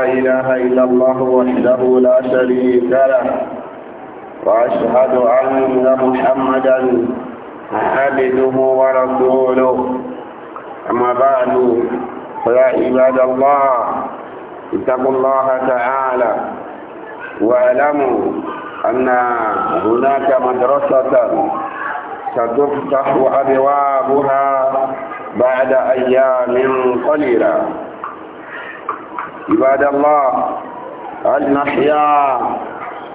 لا إله إلا الله وحده لا شريك له وأشهد أن محمدا عبده ورسوله أما بعد فيا عباد الله اتقوا الله تعالى واعلموا أن هناك مدرسة ستفتح أبوابها بعد أيام قليلة عباد الله أن نحيا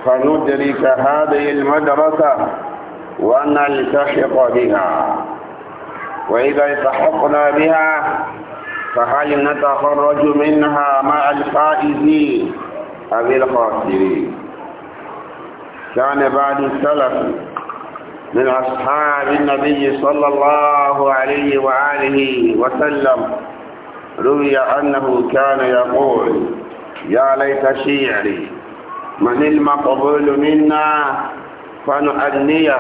فندرك هذه المدرسة وأن نلتحق بها وإذا التحقنا بها فهل نتخرج منها مع الفائزين أم الخاسرين كان بعد السلف من أصحاب النبي صلى الله عليه وآله وسلم روي أنه كان يقول يا ليت شيعري من المقبول منا فنؤنيه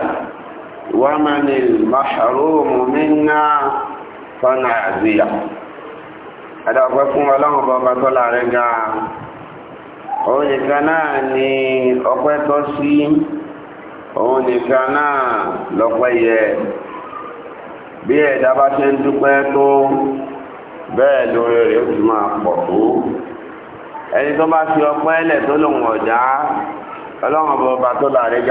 ومن المحروم منا فنعزيه هذا أقول لكم الله بابا طلع رجع òun nìkan náà ni lọ́pẹ́ yẹ bí ẹ̀dá bá ṣe ń dúpẹ́ tó bẹ́ẹ̀ lórí rẹ̀ ó ti máa pọ̀ tó ẹni tó bá fi ọpẹ́ ẹlẹ̀ tó lòun ọ̀já ọlọ́run ọba tó láàrin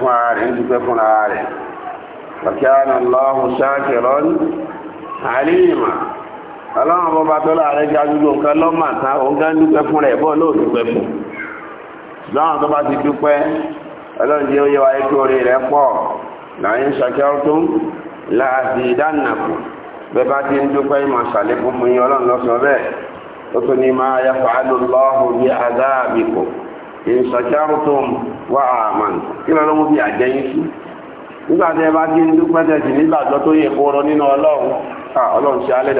fún ara rẹ̀ ń dúpẹ́ fún ara rẹ̀ ọ̀kíánà lọ́hùn ṣáàkìrọ́ àríyìnmá ọlọ́run ọba tó láàrin nǹkan lọ́mà òun dúpẹ́ fún rẹ̀ fún bẹ́ẹ̀ bá ti ń dúpẹ́ ìmọ̀ ṣàlékún fún yín ọlọ́run lọ́sọ bẹ́ẹ̀ ó tún ní máa yá fàálù lọ́hùn bí adáàbìkò ìṣọ̀kẹ́rù tó wà àmàn kí ló lóun fi àjẹyìn sí nígbà tí ẹ bá ti ń dúpẹ́ tẹ̀sí nígbàgbọ́ tó yẹ kóró nínú ọlọ́run ọlọ́run ṣe alẹ́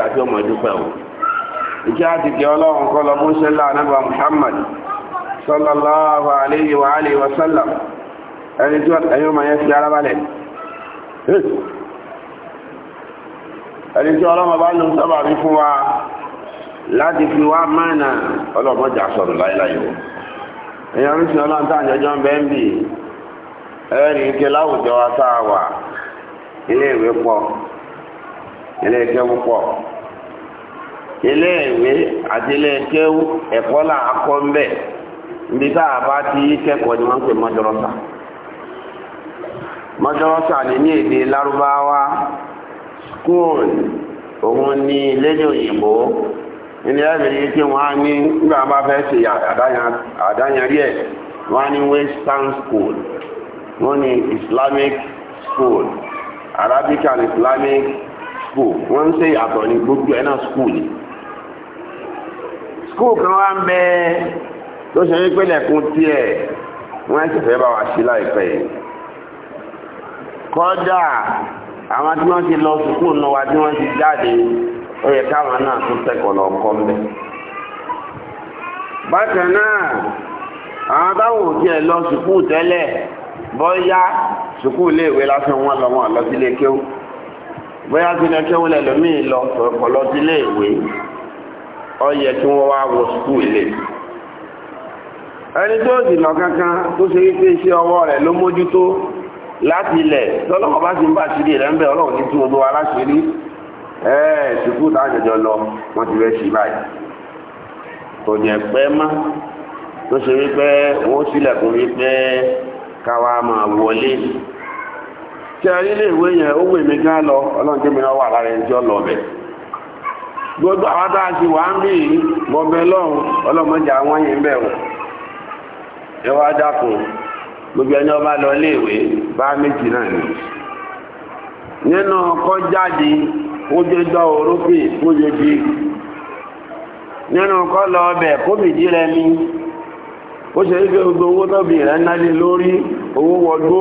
ẹni tí ọlọ́mọ bá lóun sábà fún wa láti fi wá mánà ọlọ́mọjà sọ̀rọ̀ láíláyò èèyàn oríṣi ọlọ́run ń ike láwùjọ wa tá a wà ilé pọ̀ ilé ìkẹ́wù pọ̀ àti ilé ẹ̀kọ́ là ń bẹ̀ níbi tá a bá ti kẹ́kọ̀ọ́ ni wọ́n ń pè coal òun ni lédè òyìnbó ilé ẹ̀bẹ̀rẹ̀ tí wọ́n á ní bá fẹ́ ṣe ẹ̀ wọ́n school wọ́n ni islamic school arabic and islamic school wọ́n ń ṣe ní gbogbo school school kan wá ń bẹ tó ṣe wọ́n bá wa láìpẹ́ àwọn tí wọ́n ti lọ sùkúù náà wá tí wọ́n ti jáde ó yẹ káwọn náà tún tẹ̀kọ̀ lọ kọ́ mbẹ́. bákan náà àwọn táwọn òkè ẹ̀ lọ sùkúù tẹ́lẹ̀ bọ́yá sùkúù léèwé lásán wọn lọ wọn lọ sílé kéwú bóyá sílé kéwú lẹ́lòmíì lọ sọ̀rọ̀ lọ sílé ìwé ó yẹ kí wọ́n wá wọ sùkúù ilé ẹni tó sì lọ kankan tó ṣe wípé láti ilẹ̀ lọ́lọ́wọ́ bá ti ń bá rí rẹ̀ ń bẹ̀ ọlọ́run ní tún olówó ẹ̀ẹ́ ṣùkú lọ wọ́n ti rẹ̀ sí báyìí kò jẹ́ pẹ́ má tó ṣe wípé wọ́n sílẹ̀kùn wípé káwa máa wọlé tí a yẹn ó lọ ọlọ́run gbogbo ẹni ọba lọ léèwé bá méjì náà ni nínú kọjáde ojú orókè kójejì nínú kọ́ lọ ọbẹ̀ rẹ ni ó ṣe wípé gbogbo owó tọ́bì rẹ nálé lórí owó wọgbó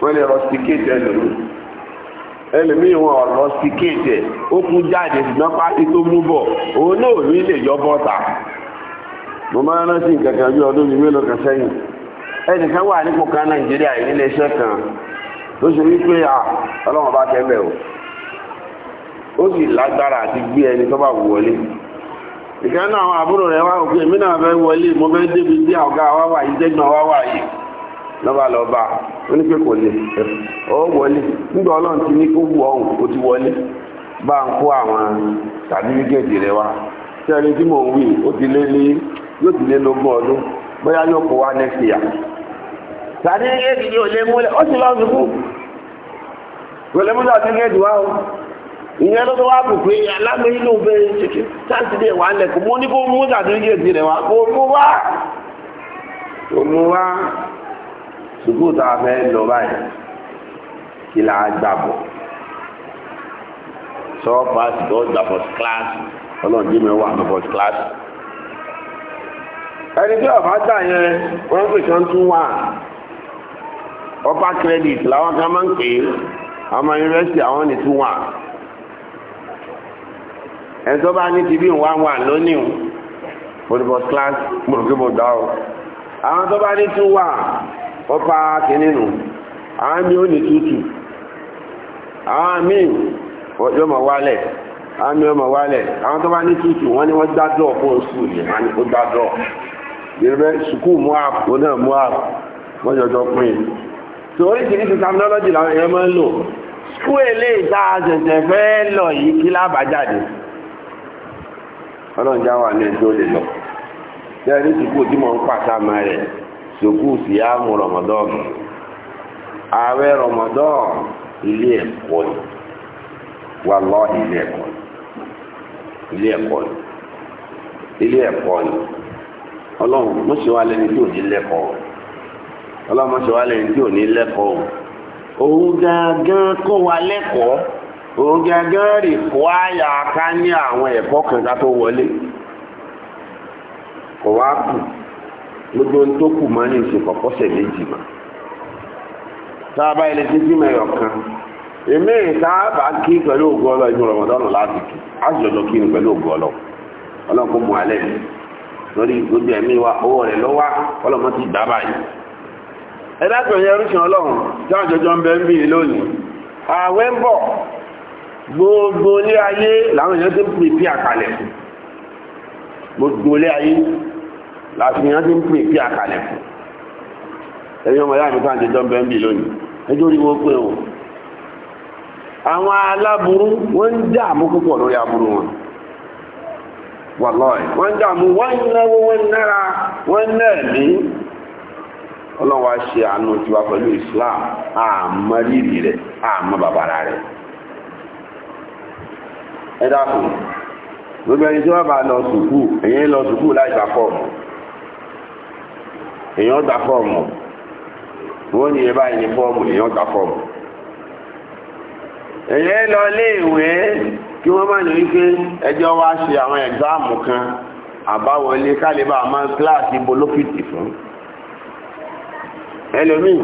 pẹ̀lẹ̀ rọ̀stíkéètì ẹlòmí ẹlòmí wọn ó kú jáde ṣùgbọ́n tó mú bọ̀ òun náà ní lè yọ bọ́ta mo máa rántí nǹkan kan ọdún mi mélòó ẹnìkan wà nípò kan nàìjíríà yìí nílé kan tó ṣe wípé à ọlọ́run bá o ó sì lágbára àti gbé ẹni tó bá wọlé ìkan náà àwọn àbúrò rẹ̀ wá òkè mí mo fẹ́ débi bí ọ̀gá wa wà yìí dẹ́gbọ̀n wa wà yìí lọ́ba lọ́ba ó ní pé kò lè ó wọlé nígbà ọlọ́run ti ní kó wù ọ̀hún ó ti wọlé bá ń kó àwọn wá sẹ́ni tí mò ń wí ó ti lé ní yóò ti lé lógún ọdún bóyá tàbí éèdì ní òlé múlẹ̀ ó sì lọ sùkú òlé múlẹ̀ ọ̀sẹ̀ ihe èdè tó wá bù pé alágbèyí ló bẹ ṣèké sáǹtì dé wà lẹ ní kó mú sàdúrà wá a sọ pasi klaasị. ẹni tí ọba yẹn upper credit làwọn kan máa ń pè é ọmọ yunifásitì àwọn ní two one ẹ̀ tó bá ní ti bí one one lónìí olùbọ̀ class gbòrògbò dá o àwọn tó bá ní two one upper kìíní nù àwọn mi ò ní two two àwọn míì yóò mọ̀ wálẹ̀ àwọn míì yóò mọ̀ wálẹ̀ àwọn tó bá ní two two wọ́n ní wọ́n dá dọ̀ fún oṣù yìí wọ́n ní kó dá dọ̀ yorùbá sukùl muaf onáà muaf wọ́n jọjọ pín in tó oríṣiríṣi terminology làwọn èèyàn máa ń lò skú èlé ìta àṣẹ̀ṣẹ̀ fẹ́ lọ yìí kí lábàjáde ọlọ́njá wà ní ẹjọ́ lè lọ bẹ́ẹ̀ ní sùkúù tí mo ń pàṣà mọ́ rẹ̀ sùkúù sì á mú rọmọdọ́ọ̀nù ààwẹ̀ rọmọdọ́ọ̀nù ilé ẹ̀kọ́ ni wà lọ ilé ẹ̀kọ́ ni ilé ẹ̀kọ́ ni ilé ẹ̀kọ́ ni ọlọ́run mo ṣe wá lẹ́ni tó ní lẹ́kọ̀ọ́ rẹ̀ ọlọ́mọṣẹ́ wa lẹ́yìn tí ò ní lẹ́kọ̀ọ́ òun gangan kó wa lẹ́kọ̀ọ́ òun gangan rè kó àyà ká ní àwọn ẹ̀kọ́ kan ká tó wọlé kò wá kù gbogbo ń tó kù máa ní ìṣèkọ̀ pọ́sẹ̀ méjì mà tá a bá ilé títí mẹ́yọ̀ kan èmi ìtaàbà kí pẹ̀lú ògùn ọlọ́ inú rọmọdọ́nù láti kí á kí ni pẹ̀lú ògùn ọlọ́ ọlọ́run kò mú alẹ́ lórí gbogbo ẹ̀mí wa owó rẹ̀ lọ́wọ́ ọlọ́mọ ti dá báyìí ẹ̀dàkùnrin ẹrùsìn ọlọ́run jáwọn ń bẹ ń bí lónìí ààwẹ̀ ń bọ̀ gbogbo ilé ayé làwọn èèyàn ti ń pèpè àkàlẹ̀ gbogbo ayé àkàlẹ̀ ẹ̀yọ́ ń bẹ ń bí lónìí ẹjọ́ pé o àwọn aláburú wọ́n ń dààmú púpọ̀ lórí aburú wọn wọ́n ń dààmú wọ́n ọlọ́run wá ṣe àánú tiwa pẹ̀lú islam àmọ́ rírì rẹ̀ àmọ́ bàbára rẹ̀ ẹ dákun gbogbo ẹni tí wọ́n bá lọ sùkú èyàn lọ sùkú láì gbà fọ́ọ̀mù èyàn gbà fọ́ọ̀mù wọ́n ní ẹ báyìí ní fọ́ọ̀mù èyàn gbà fọ́ọ̀mù èyàn lọ léèwé kí wọ́n má ní wípé ẹjọ́ wá ṣe àwọn ẹ̀gbáàmù kan àbáwọlé kálíbà máa ń kíláàsì bolófìtì fún ẹlòmíì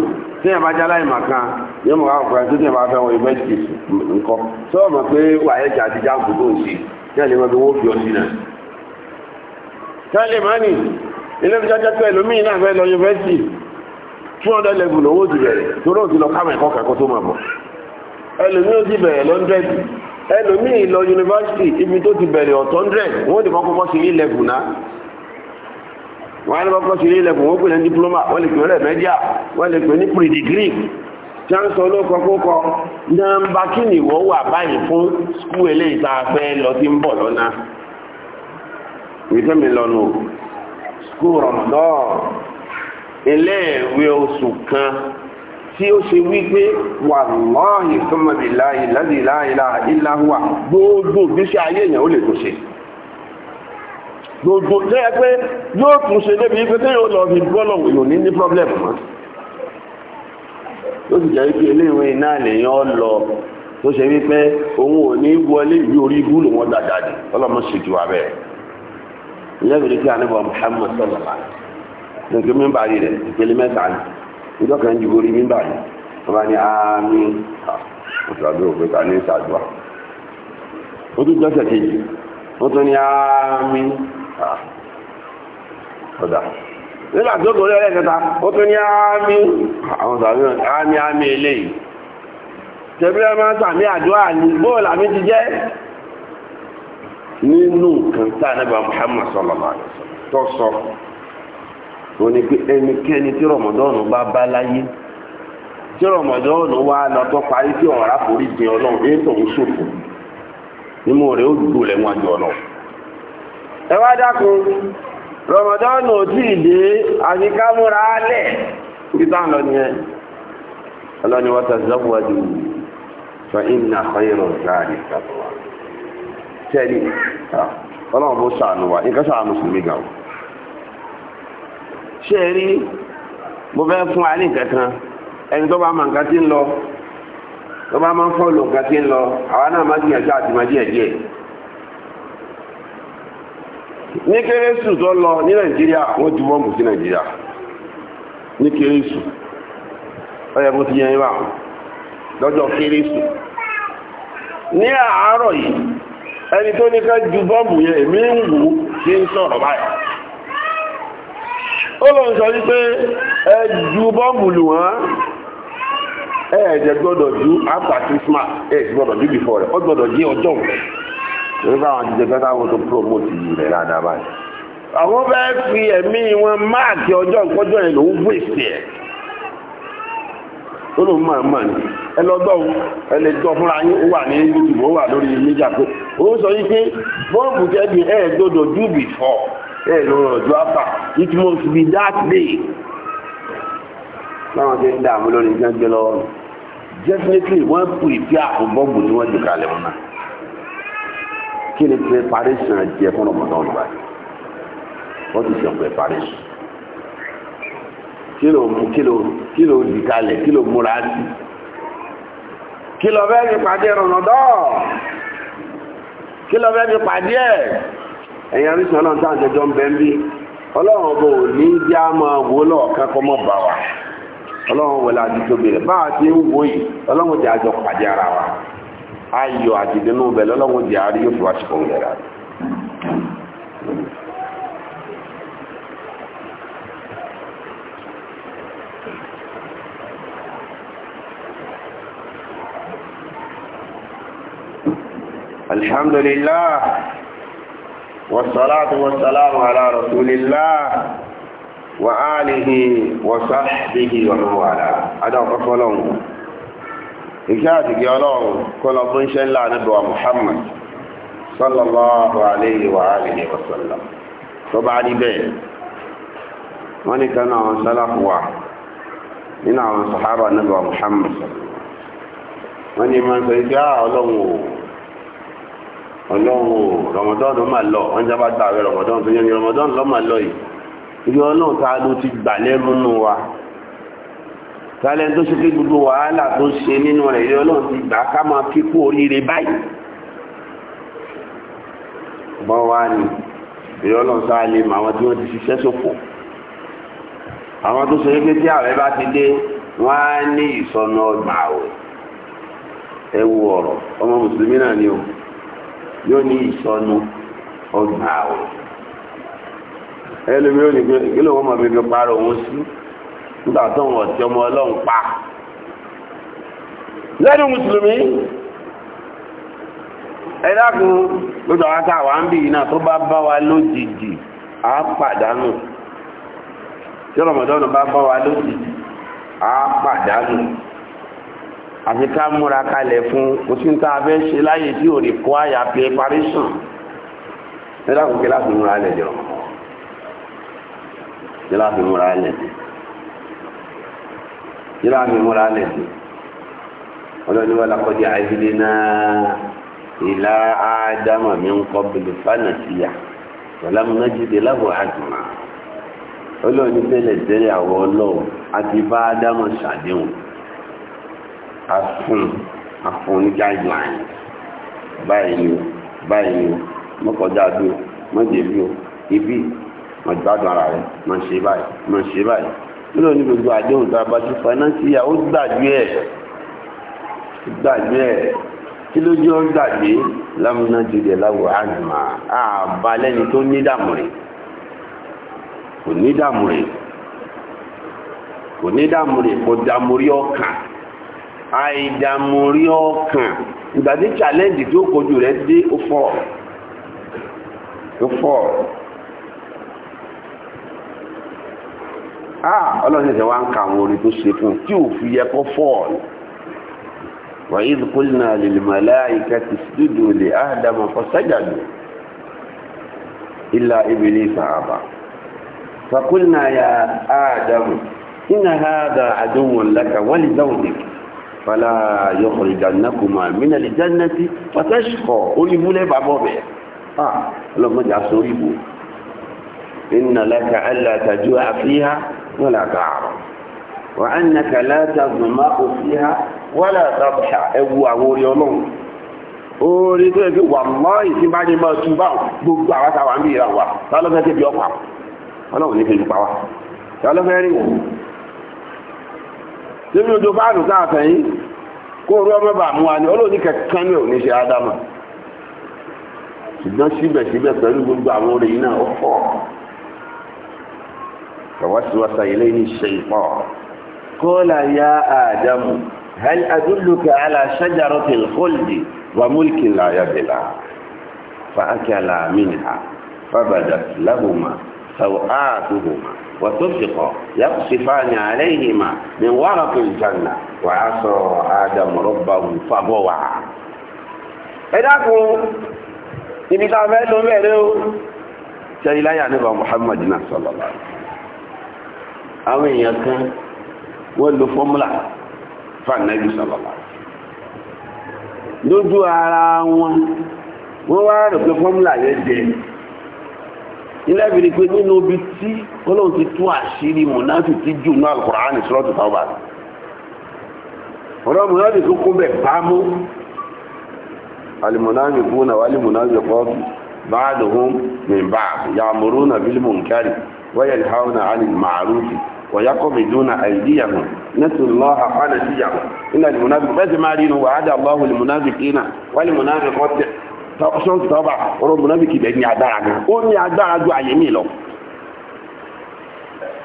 tí ẹ bá já láì kan yóò mọ̀ àwọn ọkùnrin tó tẹ̀ fẹ́ wọn ìmọ̀ ìsìkì nǹkan tó ọmọ pé wàyẹ̀jà àti jáàmù tó ń fi ọtí náà. tẹ́lẹ̀ mọ́nì ilé ìjọ jẹ́ pé náà fẹ́ lọ yunifásitì level lówó ti bẹ̀rẹ̀ torí òtí lọ káwọn ẹ̀kọ́ kẹ́kọ́ tó máa bọ̀ ẹlòmíì ó ti bẹ̀rẹ̀ lọ́ndẹ̀dì ẹlòmíì lọ yunifásitì ibi tó ti bẹ̀rẹ̀ ọ̀tọ́ndẹ̀dì wọ́n ti kọ́kọ́ bọ́ sí e wọ́n á lọ́kọ́ sí ilé ilẹ̀kùn wọ́n pè ní diploma wọ́n lè pè ní rẹ̀mẹ́díà wọ́n lè pè ní pre-degree tí a ń sọ olóòkọ kókọ nàmbà kí ni ìwọ wà báyìí fún skú eléyìí tá a fẹ́ lọ sí ń bọ̀ lọ́nà ìfẹ́mi lọ́nu skú rọ̀mọ́dọ́ iléèwé oṣù kan tí ó ṣe wípé wà lọ́ọ̀hìn sọmọdé láyé láyé láyé láyé láhùwà gbogbo gbèsè ayé èèyàn ó lè tó ṣe. gbogbo tó yẹ pé yóò tún ṣe débi ife tó yóò lọ fi gbọ́lọ̀ yóò ní ní problem mọ́ ó sì jẹ́ wípé iléèwé náà lọ tó ṣe wípé òun ò ní wọlé ìlú orí ibú lòun ọ̀dà ọlọ́mọ sì ti wà bẹ́ẹ̀ ìyá ìgbèrè kí ike Muhammad sọ̀rọ̀ lókè mímbà rí rẹ̀ ìpele mẹ́ta ni mímbà rí wọ́n bá ní àmì ta ní ó tún jọ́sẹ̀ kejì ó tún ní ọ̀dà nígbà tó gorí ẹlẹ́kẹta ó tún ní àmì àwọn sàmì àmì àmì eléyìí tẹ̀bílẹ̀ máa sàmì àdúrà ní bóòlù àmì ti jẹ́ nínú nǹkan tá ànábà Muhammad sọlọ́mà tó sọ ni pé ẹnikẹ́ni tí bá bá láyé tí wá lọ tó parí tí ọ̀rá forí ọlọ́run. ẹ wá dákun rọmọdọ́nù ò tí ì dé títà lọ nìyẹn ọlọ́ni wọ́n tẹ̀ zọ́wọ́dù sọ ìnà kọ́yìnrún láàrin bó sàánù wa ṣe rí mo fẹ́ fún kankan ẹni tó bá nǹkan tí ń lọ tó bá ń nǹkan tí ń lọ náà má gbìyànjú àti má ní kérésù tó lọ ní nàìjíríà wọ́n ju bọ́ǹbù sí nàìjíríà ní kérésù ọyẹ bó ti yẹn yín wà lọ́jọ́ kérésù ní àárọ̀ yìí ẹni tó ní ká ju bọ́ǹbù yẹn èmi ń wù ú kí ń sọrọ báyìí ó lọ sọ wípé ẹ ju bọ́ǹbù lù wọ́n ẹ̀ẹ́dẹ̀ gbọdọ ju after Christmas ẹ̀ẹ́dẹ̀ gbọdọ ju before ọ gbọdọ jẹ́ ọjọ torí báwọn ti jẹ́ kẹta wọn tó promote yìí rẹ̀ dáadáa báyìí àwọn bẹ́ẹ̀ fi ẹ̀mí wọn máàkì ọjọ́ ìkọjọ́ yẹn lòún gbèsè ẹ̀ ó lòún máa máa ní ẹ lọ́dọ̀ ẹni tó fúnra yín ó wà ní youtube ó wà lórí media pé ó sọ yìí pé bọ́ọ̀bù kẹ́bi ẹ̀ gbọ́dọ̀ do before ẹ̀ lọ́rọ̀ ọjọ́ àpà it must be that day láwọn ti ń dààmú lórí jẹ́ńgbẹ́ lọ́wọ́ definitely wọ́n pè pé àpò ni wọ́n jù kalẹ̀ wọn náà kí ni preparation jẹ fún ọmọdé ọ̀nà báyìí wọ́n ti sọ preparation kí ló mú kí ló kí ló di kalẹ̀ kí ló múra sí kí ló fẹ́ fi pàdé rọ̀nàdọ́ kí ló fẹ́ fi pàdé ẹ̀ ẹ̀yìn arísìn ọlọ́run tá à ń jẹjọ́ ń bẹ́ ń bí ọlọ́run ọba ò ní jẹ́ á máa wo lọ́ọ̀kan kọ́ mọ́ bá wa ọlọ́run wọlé àti tóbi rẹ̀ bá a ti ń wo yìí ọlọ́run ti àjọ pàdé ara wa ayọ̀ àti ìdínú bẹ̀ lọ́lọ́wọ́ di àárí yóò fi wá sí fún yẹra alhamdulillah wasalatu wasalamu ala rasulillah wa alihi wa sahbihi wa mawala adáwọ̀ lọ́wọ́ ìṣẹ́ àtìgẹ́ ọlọ́run kó lọ fún iṣẹ́ ńlá níbọ̀ Muhammad sallallahu alayhi wa alihi wa sallam tó bá rí bẹ́ẹ̀ wọ́n ní kan àwọn sálàfù wa nínú àwọn sàhábà níbọ̀ Muhammad wọ́n ní máa ń sọ ìgbà ah, ọlọ́run ọlọ́run rọmọdọ́nù mà lọ wọ́n jábá gbà rẹ rọmọdọ́nù tó yẹ ní rọmọdọ́nù lọ́ lọ yìí ibi ọlọ́run tá a ló ti gbà lẹ́rú wa sálẹ̀ tó ṣe pé gbogbo wàhálà tó ṣe nínú rẹ̀ yọ náà ti gbà ká máa fi kú oríire báyìí bọ́ wá ní ìrọ̀ náà sáà lè mọ àwọn tí wọ́n ti ṣiṣẹ́ ṣòfò àwọn tó ṣe pé tí ààrẹ bá ti dé wọ́n á ní ìsọnà ọgbà àwẹ̀ ẹ wo ọ̀rọ̀ ọmọ mùsùlùmí náà ni o yóò ní ìsọnù ọgbà àwẹ̀ ẹlòmíràn ní kí ló wọ́n mọ̀ fi nígbà tó wọ́n tí ọmọ ọlọ́run pa lẹ́nu musulmi ẹ̀dákun lójọ wá káà ń bì náà tó bá bá wa lójijì pàdánù tí ọmọdọ́nù bá bá wa lójijì á pàdánù àti ká múra kalẹ̀ fún oṣù a ṣe láyé tí ò kó àyà yíra mi múra lẹ̀ sí ọlọ́niwà lakọ́dí àìsílẹ̀ náà ìlà ádámà mi ń kọ́ bìlì fánà síyà wàlámù náà jíde lábọ̀ àjùmá ọlọ́ni tẹ́lẹ̀ tẹ́lẹ̀ àwọn ọlọ́wọ́ àti bá ádámà ṣàdéhùn afún afún ní guideline báyìí ni báyìí ni mọ́kọjá bí o mọ́jẹ̀ o ibi mọ̀gbádùn ara rẹ̀ mọ̀ ṣe báyìí mọ̀ ṣe báyìí nínú ní gbogbo àdéhùn tó abájú fanáńsìyà ó gbàgbé ẹ̀ gbàgbé ẹ̀ kí ló jẹ́ ó gbàgbé lámúná jùlọ láwọ̀ àjùmá àbá lẹ́ni tó ní dààmú rẹ̀ kò ní dààmú rẹ̀ kò ní dààmú rẹ̀ kò dààmú rí ọkàn àìdààmú rí ọkàn ìgbà tí challenge kojú rẹ̀ dé ó fọ̀ ọlọ́run ṣẹ̀ṣẹ̀ wá ń ka àwọn orin tó ṣe fún un tí ò fi yẹ kó fọ́ọ̀lù. وإذ قلنا للملائكة اسجدوا لآدم فسجدوا إلا إبليس أبى فقلنا يا آدم إن هذا عدو لك ولزوجك فلا يخرجنكما من الجنة فتشقى قلبوا لي بابوبي آه لما جاء سوريبو إن لك ألا تجوع فيها ولا تعرف وأنك لا تظمأ فيها ولا تضحى أبو أبو يوم orí tó ẹgbẹ́ wà mọ́ ìsìn bá ní mọ́ tún bá gbogbo àwọn tàwà ń bí ìran wà tọ́lọ́fẹ́ tẹ́bí ọkà ọmọ mú olóòní ní òní ṣe ṣùgbọ́n síbẹ̀síbẹ̀ pẹ̀lú gbogbo àwọn فوسوس إليه الشيطان قال يا آدم هل أدلك على شجرة الخلد وملك لا يبلى فأكلا منها فبدت لهما سوآتهما وتفق يقصفان عليهما من ورق الجنة وعصى آدم ربه فغوى إذاكم إذا كان ميرو سيلا يعني محمد صلى الله عليه وسلم àwọn èèyàn kan wọ́n lo fọ́múlà fànàbí sọ̀lọ́lá lójú ara wọn wọ́n wá rò pé fọ́múlà yẹn jẹ ilẹ́bìnrin pé nínú ibi tí ọlọ́run ti tú àṣírí mọ̀náfì náà Al-Qur'ani sọ́ọ̀tù tàbá ọ̀rọ̀ mọ̀náfì tó kún bẹ̀ bámú alìmọ̀náfì kúnà wàlìmọ̀náfì kọ́ọ̀tù ba'duhum min ba'd munkari ويقبضون أيديهم نسوا الله حال سيهم إن المنافق بس ما رينه وعد الله المنافقين والمنافقات tọ́sán tọ́ba ọ̀rọ̀ mọ̀nàbíkì bẹ̀ ní agbára gan ó ní agbára ju àyè mi lọ.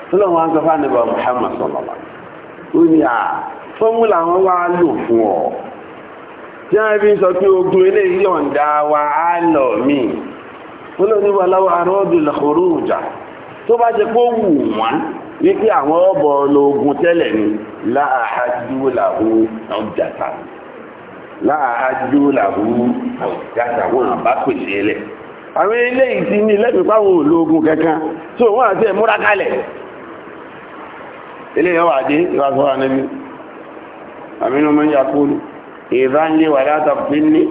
fúlọ̀n wa ń sọ fún àníbà Muhammad sọlọ́lá ó ní à fọ́múlà wọn wá lò fún ọ. tí wọ́n fi ń sọ pé ogun eléyìí yọ̀ǹda wa á lọ mí. fúlọ̀n ní wàláwà arọ́dùn lọ́kọ̀ọ́rọ́ ìjà tó bá jẹ́ pé ó wù wọ́n wípé àwọn ọ̀bọ̀ lóògùn tẹ́lẹ̀ ni láàájú làwú ọ̀jàta láàájú làwú ọ̀jàta wọn bá pèsè ẹlẹ̀ àwọn ilé ìtí ní lẹ́bí páwọn olóògùn kankan tó wọ́n àti ẹ̀múra kalẹ̀ ilé yẹn wà dé ìwàsọ́ra níbi àmínú mọ́ yakúlù ìdánlé wà látà fún ní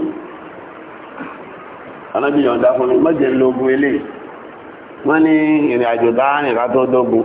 anábìyàn dá fún mi mọ́jẹ̀ lóògùn wọ́n ní ìrìn àjò dáhàrin tó dógún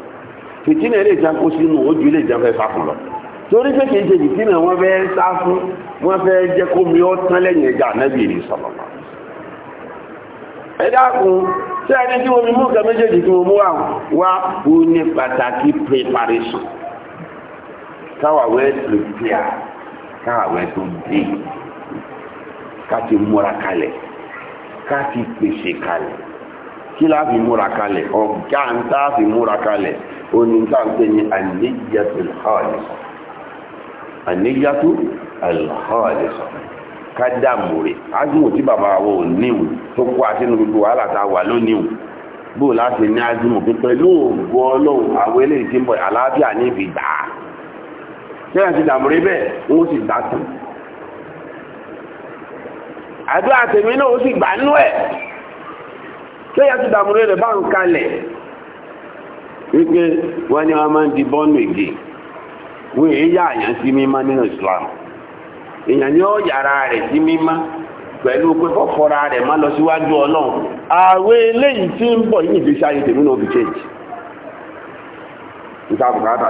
fìtínà ilé ìjà kó sínú ojú ilé ìjà fẹ́ sá fún lọ torí pé kìí ṣe fìtínà wọ́n fẹ́ sá fún wọ́n fẹ́ jẹ́ kó mi ọ́ tán lẹ́yìn ẹja ànábì rí sọ̀rọ̀ lọ. ẹ dákun tí a ní kí wọ́n mi mú nǹkan méjèèjì tí mo mú wà wá ó ní pàtàkì preparation káwa wẹ́ prepare káwa wẹ́ tó dé ká múra kalẹ̀ ká pèsè kalẹ̀ kí láà múra kalẹ̀ ọ̀gá ń tá fi múra kalẹ̀ onígbàgbé ni àníyàtò alkhalisah àníyàtò alkhalisah kádàmù rẹ̀ ájúmù tí bàbá wọ níwù tó kó àtínú gbogbo wàhálà tá a wà lóníwù bó láti ní ájúmù pípẹ́ lóògùn ọlọ́run àwọn eléyìí tí ń bọ̀ àlàáfíà ní ibi gbà á tí wọ́n ti dàmú rí bẹ́ẹ̀ wọ́n sì gbà tán àdúrà tèmi náà ó sì gbà nú ẹ̀ tí wọ́n ti dàmú rí rẹ̀ bá ń kalẹ̀ wípé wọ́n ní wọ́n máa ń di bọ́ọ̀nù èdè wọ́n èyí àyàn sí mímá nínú Islam èèyàn ni ó yàrá rẹ̀ sí mímá pẹ̀lú pé fọ́fọ́ra rẹ̀ má lọ síwájú Ọlọ́run àwẹ̀ eléyìí tí ń bọ̀ yìí ìgbésí ayé tèmi náà chéjì níta bùkátà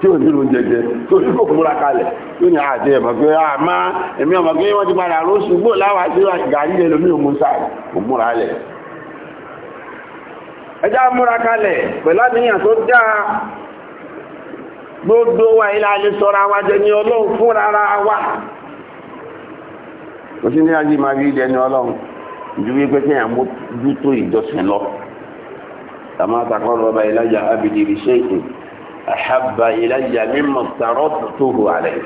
tí ò ní oúnjẹ jẹ torí kò múra kalẹ̀ tó ní àti ẹ̀mọ̀ pé a máa ẹ̀mí ọmọ pé wọ́n ti padà ró ṣùgbọ́ láwàá sí gàrí ẹlòmí òmùsà kò múra lẹ̀ ẹjá múra kalẹ̀ pẹ̀lú àníyàn tó gbogbo wa ilá alẹ́ sọ́ra wa ara wa kò sí ní ajé máa rí ilẹ̀ ní ọlọ́run ju wípé kí èèyàn mójútó ìjọsìn ahabba ilayya mimma taradtuhu alayhi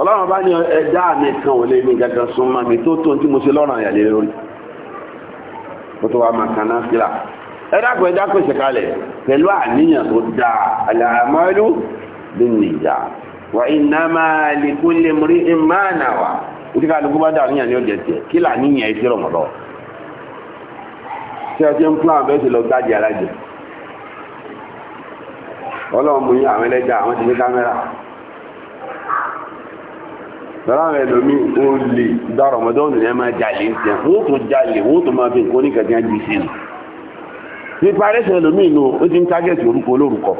ọlọ́run bá ní ẹ̀dá mi kan ò lè mi gàgà súnmọ́ mi tó tó tí mo ṣe lọ́rùn àyàlè lórí kó tó wá máa kan náà sílà ẹ̀dá kan ẹ̀dá pèsè kalẹ̀ pẹ̀lú àníyàn tó dáa al-a'malu bin-niyyat wa innama likulli imri'in ma nawa ojú ká lóko bá dà níyàn ní ọjà tiẹ̀ kí là níyàn ẹ sí rọ̀mọ̀lọ́ tí a ti ń plan bẹ́ẹ̀ ti lọ gbájì alájẹ ọlọ́run mú yín àwọn ẹlẹ́jà àwọn ti ní kámẹ́rà lọ́láwọn ẹlòmí ó lè dá rọmọdọ́nù yẹn máa jalè ń tiẹ̀ wọ́n tó jalè wọ́n tó máa fi nǹkan oníkẹ̀kẹ́ jù sí nù ní parẹ́sẹ̀ ẹlòmí inú ó ti ń tágẹ̀tì orúkọ olórúkọ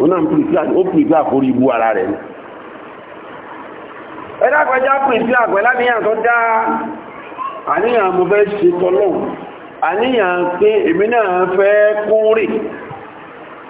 ó náà ó pìlìpì àforí ibú ara rẹ̀ ni ẹ dákọjá pìlìpì àpẹ láníyàn tó dá àníyàn mo fẹ́ ṣe tọ́lọ́hùn àníyàn pé èmi náà fẹ́ kúrè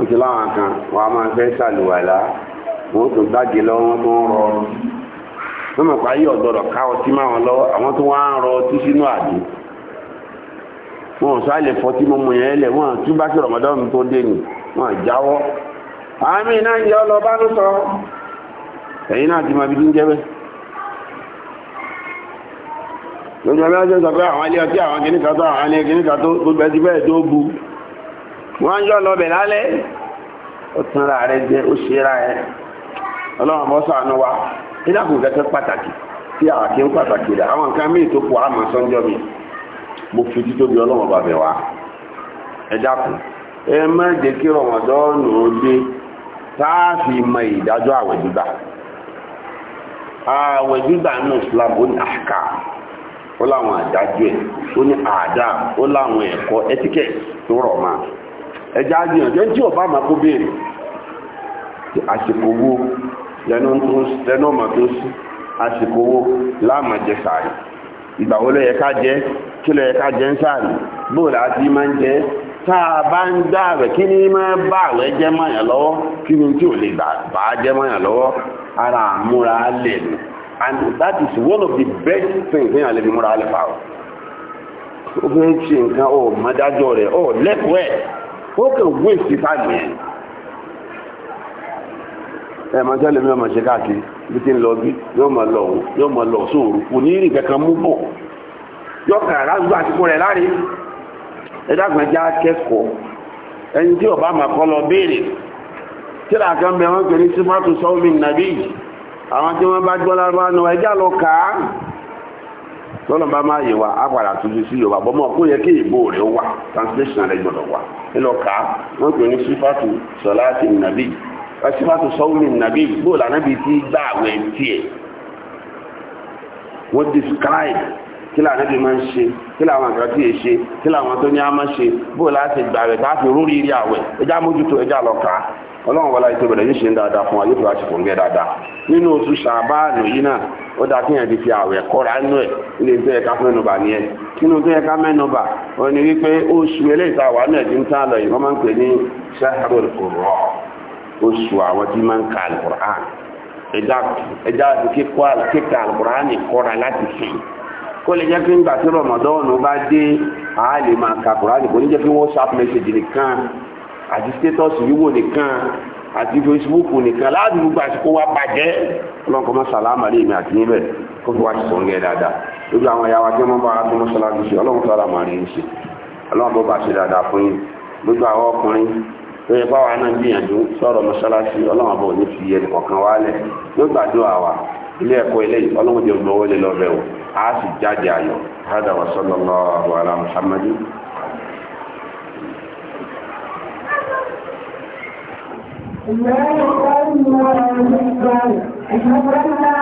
ó ti láwọn kan wọ́n a máa fẹ́ ṣàlùwàlá wọ́n tó gbági lọ́wọ́ tó ń rọ wọ́n mọ̀ pé ayé ọ̀dọ́dọ̀ ká ọtí máa wọn lọ́wọ́ àwọn tó wá ń rọ ọtí sínú àdé wọn ò sáàlẹ̀ fọtí mọ́mọ́ yẹn lẹ̀ wọ́n tún bá sí rọ̀mọ́dọ́nù tó dé nì wọ́n jáwọ́ àmì náà yọ lọ bá ń sọ ẹ̀yìn náà ti máa bí dín jẹ́bẹ́ lójú ọjọ́ sọ pé àwọn ilé ọtí àwọn kìnnìkan tó àwọn ilé kìnnìkan tó gbogbo bẹ́ẹ̀ tó bu wọ́n yọ́ lọ bẹ̀ lálẹ́ ó tún ra rẹ̀ jẹ́ ó ṣe ra ẹ̀ ọlọ́run bọ́ sànú wa ìdáàbò kẹ́kẹ́ pàtàkì tí àwọn kí ń pàtàkì rẹ̀ àwọn nǹkan míì tó kù àmọ́ sọ́njọ́ mi mo fi títóbi ọlọ́run bàbẹ̀ wá ẹ dákun ẹ má jẹ́ kí rọ̀mọ̀dọ́nù ó dé mọ ìdájọ́ àwẹ̀ gbígbà àwẹ̀ gbígbà Islam ó ní àkà ó láwọn àdájọ́ ẹ̀ ó ní àdá ó láwọn ẹ̀kọ́ etiquette tó rọ̀ máa ẹja agbìyànjẹ́ tí ọba máa kó béèrè àsìkò owó lẹ́nu ọmọ tó sí àsìkò owó láàmà jẹ sàárì ìgbà wo ló jẹ kí ló yẹ ká sàárì bóòlù àti máa ń jẹ tá bá ń dá rẹ̀ kí ni máa bá rẹ̀ jẹ́ mọ́yàn lọ́wọ́ kí ni tí ò lè bá jẹ́ mọ́yàn lọ́wọ́ ara àmúra lè nù and that is one of the best things ní àlejò múra lè fà ó. fẹ́ ṣe nǹkan ọ̀ mọ́dájọ́ rẹ̀ ọ̀ lẹ́kọ̀ọ́ ẹ̀ ó kàn wé ìsìta nìyẹn ẹ máa tẹ́lẹ̀ mi ọmọ ṣe káàkiri bí ti ń lọ bí yóò máa lọ sóòrù kò ní rìn kankan mú bọ̀ yóò kàn ráńgbà àtìkú rẹ̀ láre ẹ já kẹ́kọ̀ọ́ ẹni tí ọba àmà kọ́ lọ béèrè tí làákan bẹ wọn pè ní nàbí àwọn tí wọ́n bá gbọ́ náà ẹjá lọ kàá tọ́lọ̀ máa yẹ wa á tuntun sí yorùbá bọ́mọ kó yẹ kí ìbò rẹ̀ wà translation rẹ̀ gbọ́dọ̀ wà nílò ká wọ́n pè ní sífàtù sọ̀láàtì nàbí sífàtù sọ́wọ́mì nàbí bó lànàbí ti gbà wẹ̀ tiẹ̀ wọ́n describe kí lànàbí máa ń ṣe kí làwọn àgbà tí yẹ ṣe kí làwọn tó ní á ṣe bó láti rẹ̀ káfí rórí rí àwẹ̀ ẹjá mójútó ẹjá lọ ọlọ́run wọlé ètò ìbẹ̀rẹ̀ yìí ṣe ń dáadáa fún wa yóò fi wá ṣùkò ń gẹ́ dáadáa nínú oṣù ṣàbáànù yìí náà ó dáa kí yẹn ti fi àwẹ̀ kọ́ra nínú ẹ̀ ilé tó yẹ ká mẹ́nuba ni ẹ nínú tó yẹ ká mẹ́nuba ó ní wípé oṣù eléyìí tá a wà náà ti ń tán lọ yìí wọ́n máa ń pè ní shahrul qurra oṣù àwọn tí máa ń ka alukur'an ẹja àti kíkà alukur'an kọ́ra láti fi kó lè jẹ́ pé ńgbà tí bá dé àá lè máa ka alukur'an kò ní jẹ́ pé wọ́n àti sítẹ́tọ̀sì wíwò nìkan àti Facebook nìkan láti gbogbo àsìkò wa bàjẹ́ ọlọ́nkọ́ mọ́ sàlámà lè mi àti níbẹ̀ kó fi wá ti sọ̀ngẹ́ dáadáa lójú àwọn ìyá wa tí wọ́n bá tó mọ́sálásí sí ọlọ́run tó àlàmà rí sí ọlọ́run bó bá ṣe dáadáa fún yín lójú àwọn ọkùnrin tó yẹ báwa náà gbìyànjú sọ̀rọ̀ mọ́sálásí ọlọ́run bó ní fi ẹnì kọ̀ọ̀kan wálẹ̀ yóò gbàdúrà wa ilé ẹ̀kọ́ ilé ọlọ́run jẹ́ gbọ́wọ́lé lọ́bẹ̀ o a sì jáde ayọ̀ hádà wa sallallahu ala muhammadin الله أكبر أشهد أن لا